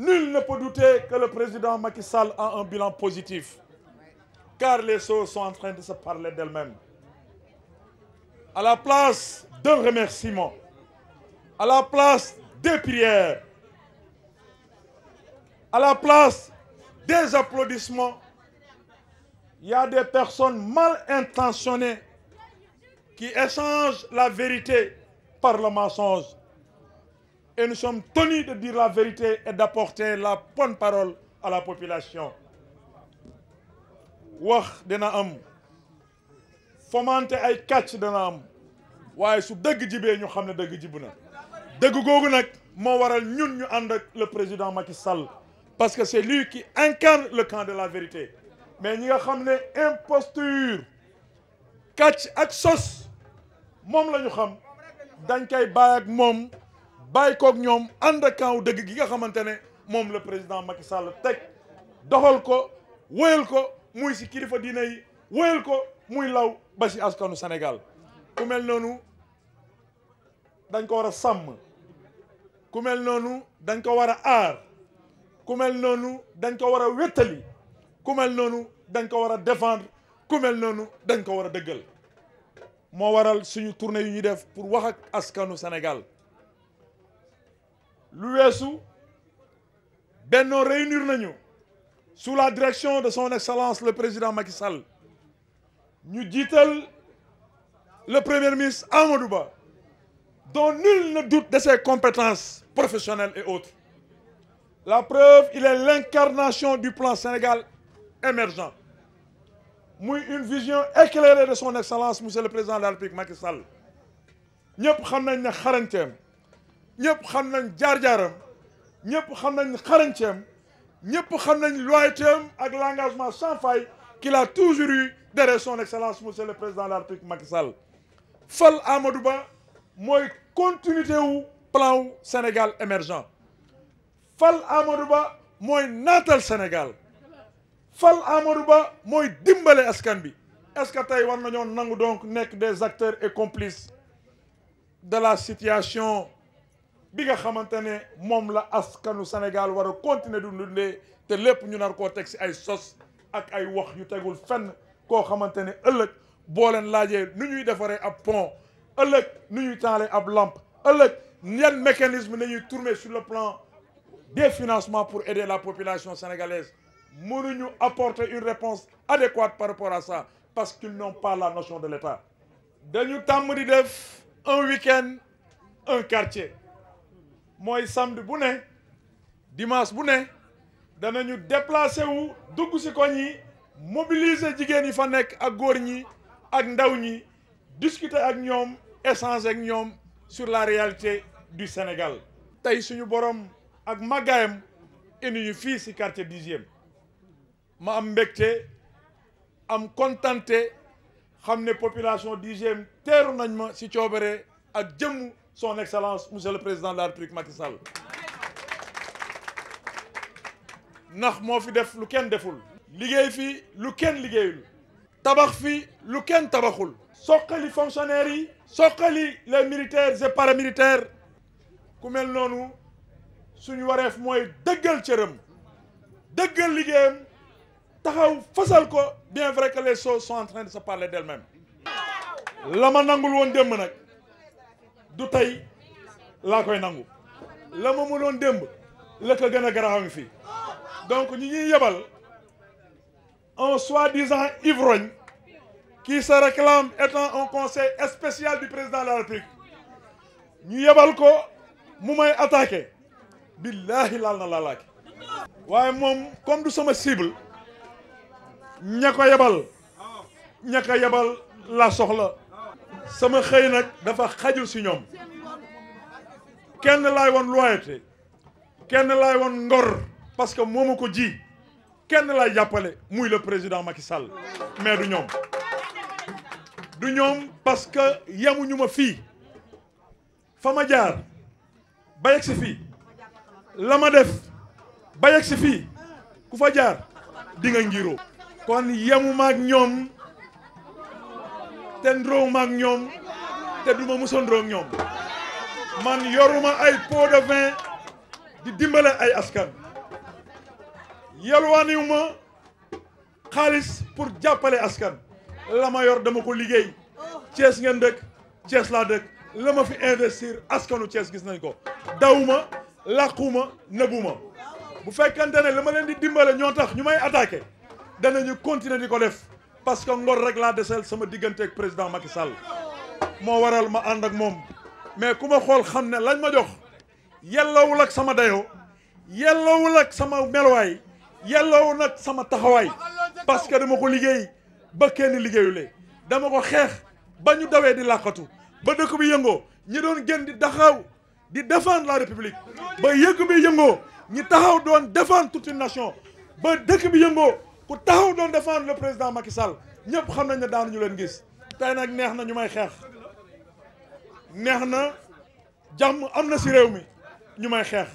Nul ne peut douter que le président Macky Sall a un bilan positif, car les choses sont en train de se parler d'elles-mêmes. À la place d'un remerciement, à la place des prières, à la place des applaudissements, il y a des personnes mal intentionnées qui échangent la vérité par le mensonge. et nous sommes de dire la vérité et d'apporter la bonne parole à la population wax dina am fomante ay kàcc dana am waaye su dégg jibee ñu xam ne dégg jibu na dégg googu nag moo waral ñun ñu ànd ak le président Macky Sall parce que c'est lui qui incarne le camp de la vérité mais ñi nga xam ne imposture kàcc ak sos moom lañu xam dañ koy bàyyi ak moom bàyyi kook ñoom ànd ak dëgg gi nga xamante ne moom la président Macky Sall teg doxal ko wóyal ko muy si kilifa diine yi wóyal ko muy law ba si askanu Sénégal ku noonu dañ ko war a sàmm ku noonu dañ ko war a aar ku noonu dañ ko war a wéttali ku noonu dañ ko war a défendre ku noonu dañ ko war a dëggal moo waral suñu tournée yu ñuy def pour wax ak askanu Sénégal lu weesu bennoo réunir nañu sous la direction de son excellence le président Macky Sall ñu jiital le premier ministre Amadou Ba dont nul ne doute de ses compétences professionnelles et autres la preuve il est l'incarnation du plan Sénégal émergent muy une vision éclairée de son excellence monsieur le président de la République Macky Sall ñëpp xam nañ ne xarañteem ñëpp xam nañ jaar-jaaram ñëpp xam nañ xarañteem ñëpp xam nañ loyautéem ak l'engagement sans faille qu'il a toujours eu derrière son excellence monsieur le président de la République Macky fal Amadou Ba mooy continuité wu plan Sénégal émergent fal Amadou Ba mooy naatal Sénégal fal Amadou Ba mooy dimbale askan bi est-ce que tey war nañoo nangu donc nekk des acteurs et complices de la situation bi nga xamante ne moom la askanu Sénégal war a continuer du dundee te lépp ñu nar koo teg si ay sos ak ay wax yu tegul fenn koo xamante ne ëllëg boo leen laajee nu ñuy defare ab pon ëllëg nu ñuy taalee ab lamp ëllëg yan mécanisme nañuy tourner sur le plan des financements pour aider la population sénégalaise mënuñu apporter une réponse adéquate par rapport à ça parce qu'ils n'ont pas la notion de l'État dañu tàmm di def un week un quartier mooy samedi bu ne dimanche bu ne danañu déplacé wu dugg ci koñ yi mobiliser jigéen yi fa nekk ak góor ñi ak ndaw ñi discuter ak ñoom échanger ak ñoom sur la réalité du Sénégal tey suñu borom ak màggaayam indi ñu fii ci quartier dixième ma am mbégte am kontaan xam ne population dixième teeru nañ ma ci coobare ak jëmm son excellence monsieur président de la république Macky ndax moo fi def lu kenn deful liggéey fii lu kenn liggéeyul tabax fii lu kenn tabaxul soqali fonctionnaires yi soqali les militaire et paramilitaires ku mel noonu suñu wareef mooy dëggal cëram dëggal liggéeyam taxaw fasal ko bien vrai que les choses sont en train de se parler d'elles-mêmes la ma nangul woon démb nag du tey laa koy nangu la ma mënoon démb la ko gën a garaaw ngi donc ñi ñuy yebal un soi-disant ivrogne qui se réclame étant un conseil spécial du président la République ñu yebal ko mu may attaqué billaahi laal na laalaaki waaye moom comme du sama cible ña ko yebal ña ko yebal la soxla sama xëy nag dafa xajul si ñoom kenn won woon loyauté kenn laay woon ngor parce que moomu ko ji kenn laay jàppale muy le président Macky Sall mais du ñoom du ñoom parce que yemuñu ma fii fa ma jaar ba yegg si fii la ma def ba yegg si fii ku fa jaar di nga ngiroo kon yemu ñoom te ndróow maak ñoom te duma musa ndróog ñoom man yoruma ay pot de vin di dimbale ay askan yalwaaniwuma xaalis pour jàppale askan la ma yor dama ko liggéey Thiès ngeen dëkk Thiès laa dëkk la ma fi investir askanu Thiès gis nañ ko dawuma làquma nëbuma bu fekkante ne la ma leen di dimbale ñoo tax ñu may attaqué danañu continuer di ko def parce que ngor rek laa deseel sama diggante ak président Macky Sall moo waral ma ànd ak moom mais ku ma xool xam ne lañ ma jox yellowul ak sama dayoo yellowul ak sama meluwaay yellowul ak sama taxawaay parce que dama ko liggéey ba kenn liggéeyulee dama ko xeex ba ñu dawee di làqatu ba dëkk bi yëngoo ñi doon gën di daxaw di défendre la république ba yëkk bi yëngoo ñi taxaw doon défendre toute une ba dëkk bi yëngoo ku taxaw doon défendre le président Macky Sall ñëpp xam nañ ne ñu leen gis tey nag neex na ñu may xeex neex na jàmm am na si réew mi ñu may xeex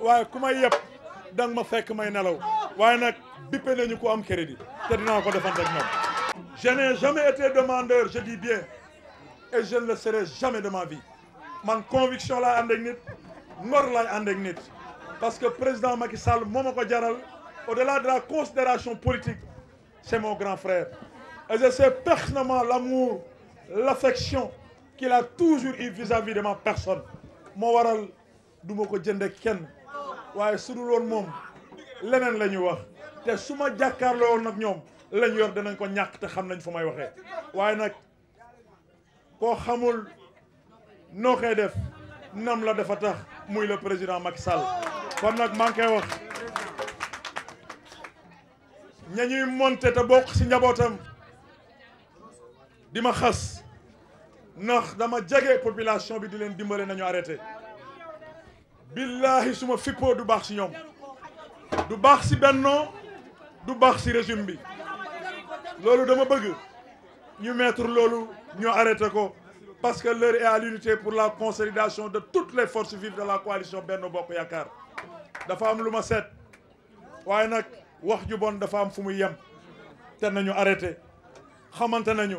waaye ku may yëpp danga ma fekk may nelaw waaye nag bippe nañu ko am crédit te dinaa ko defante ak ñoom je n'ai jamais été demandeur je dis bien et je ne le serai jamais de ma vie man conviction laay ànd nit ngor laay ànd nit parce que président Macky Sall moo ma ko jaral au-delà de la considération politique, c'est mon grand frère. Et je sais personnellement l'amour, l'affection qu'il a toujours eu vis-à-vis de ma personne. moo waral du ma ko jënde kenn waaye su dul woon moom leneen la ñuy wax te su ma jàkkaarloo woon nag ñoom lañ yor danañ ko ñàkk te xam nañ fu may waxee waaye nag koo xamul noo koy def nam la defa tax muy le président Macky Sall kon nag maa wax ñañuy monté te bokk ci njabootam di ma xas ndax dama jege population bi di leen dimbale nañu arrêté billahi suma fippoo du baax ci ñoom du baax ci Benno du baax ci régime bi loolu dama bëgg ñu mettre loolu ñoo arrêté ko parce que l'heure est à l'unité pour la consolidation de toutes les forces vives de la coalition Benno Bokk Yaakaar dafa am lu ma set waaye nag wax ju bon dafa am fu muy yem te nañu arrêté xamante nañu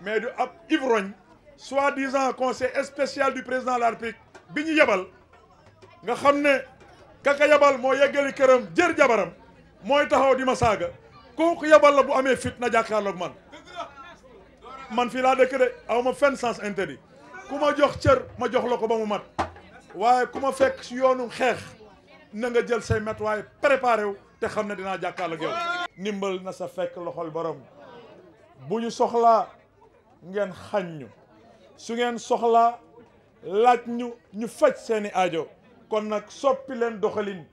mais du ab ivrogne soi-disant conseil spécial du président de la République bi ñu yebal nga xam ne kaka yebal moo yeggali këram jër jabaram mooy taxaw di ma saaga kooku yebal la bu amee fit na jàkkaarloog man man fii laa dëkk de aw ma fenn sens interdit ku ma jox cër ma jox la ko ba mu mat waaye ku ma fekk si yoonu xeex na nga jël say matuwaay préparé wu te xam na dinaa jàkkaarloo ak yow. ndimbal na sa fekk loxol borom bu ñu soxlaa ngeen xañ ñu su ngeen soxlaa laaj ñu ñu faj seeni ajo kon nag soppi leen doxalin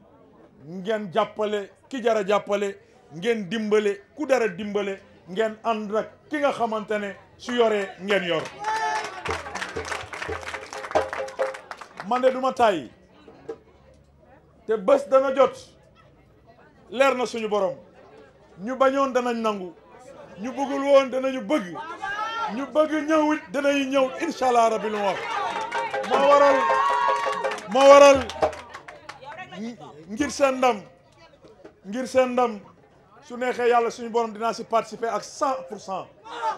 ngeen jàppale ki jara jàppale ngeen dimbale ku dara dimbale ngeen ànd ak ki nga xamante ne su yoree ngeen yor man de duma tàyyi te bés dana jot leer na suñu boroom ñu bañoon danañ nangu ñu bëggul woon danañu bëgg ñu bëgg ñëwit danañu ñëw incha allah rabi lu wax moo waral moo waral ngir seen ndam ngir seen ndam su neexee yàlla suñu borom dinaa si participer ak cent pour cent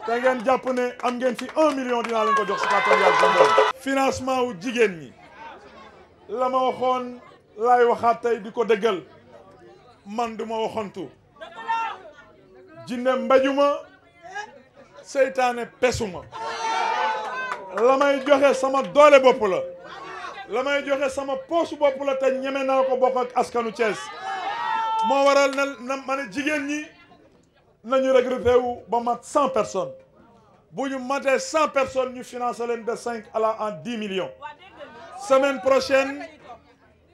te ngeen jàpp ne am ngeen fi un million dinaa leen ko jox si kàttan yàlla suñu borom financement wu jigéen ñi la ma waxoon laay waxaat tey di ko dëggal man du ma waxantu jinne mbajuma seytaane pesuma la may joxe sama doole bopp la la may joxe sama poosu bopp la te ñeme naa ko bokk ak askanu Thiès moo waral na na ma ne jigéen ñi nañu regroupé wu ba mat cent personnes bu ñu matee cent personnes ñu financé leen de cinq à la en dix millions semaine prochaine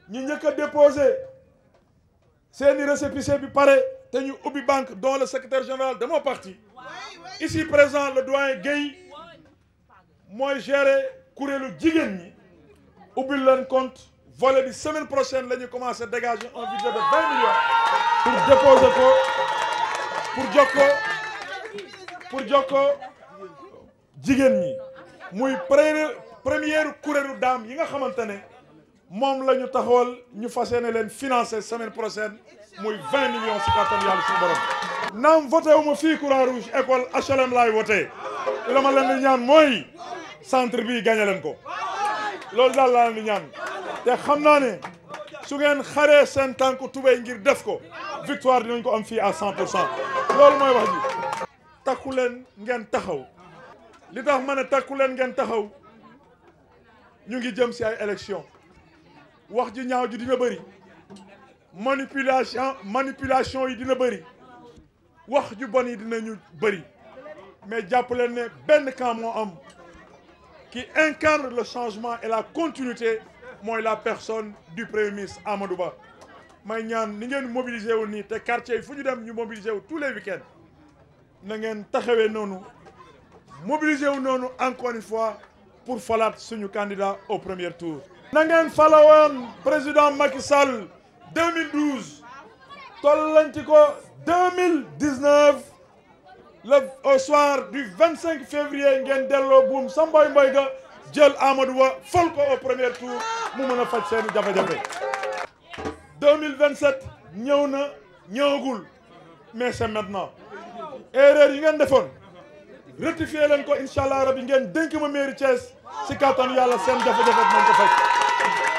ñu njëkk a déposé seeni récépissé bi pare te ñu ubbi banque dont le secrétaire général de mon parti ici présent le doyen Guèye mooy gérer kuréelu jigéen ñi ubbi leen compte volet bi semaine prochaine la ñu commencé dégager un budget de vingt millions pour déposer ko pour jokkoo pour jokkoo jigéen ñi muy première première kuréelu dam yi nga xamante ne moom la ñu taxawal ñu fas yéene leen financer semaine prochaine muy 20 millions si kàttan yàlla suñu borom. naam voté wu fii courant rouge école HLM laay voté la ma leen di ñaan mooy centre bi gagné leen ko loolu daal laa leen di te xam naa ne su ngeen xaree seen tànk tubéy ngir def ko victoire dinañ ko am fii ak 100 pour cent loolu mooy wax ji. takku leen ngeen taxaw li tax ma ne takku leen ngeen taxaw ñu ngi jëm si ay élections. wax ji ñaaw ji dina bëri manipulation manipulation yi dina bëri wax ju bon yi dinañu bëri mais jàpp leen ne benn camp moo am qui incarne le changement et la continuité mooy la personne du premier ministre Amadou Ba may ñaan ni ngeen mobiliser wu nii te quartier yi fu ñu dem ñu mobiliser wu tous les week-ends na ngeen taxawee noonu mobiliser wu noonu encore une fois pour falaat suñu candidat au première tour na ngeen falawoon président Macky Sall 2012 tollanti ko 2019 le au soir du 25 février ngeen delloo buum sa mboy mboy ga jël Amadou Wa fal ko au premier tour mu mën a faj seeni jafe-jafe 2027 ñëw na ñëwagul mais c'est maintenant erreur yi ngeen defoon rectifier leen ko incha allah rabi ngeen dénk ma mairie Thiès si kattanu yàlla seen jafe-jafe nañ ko faj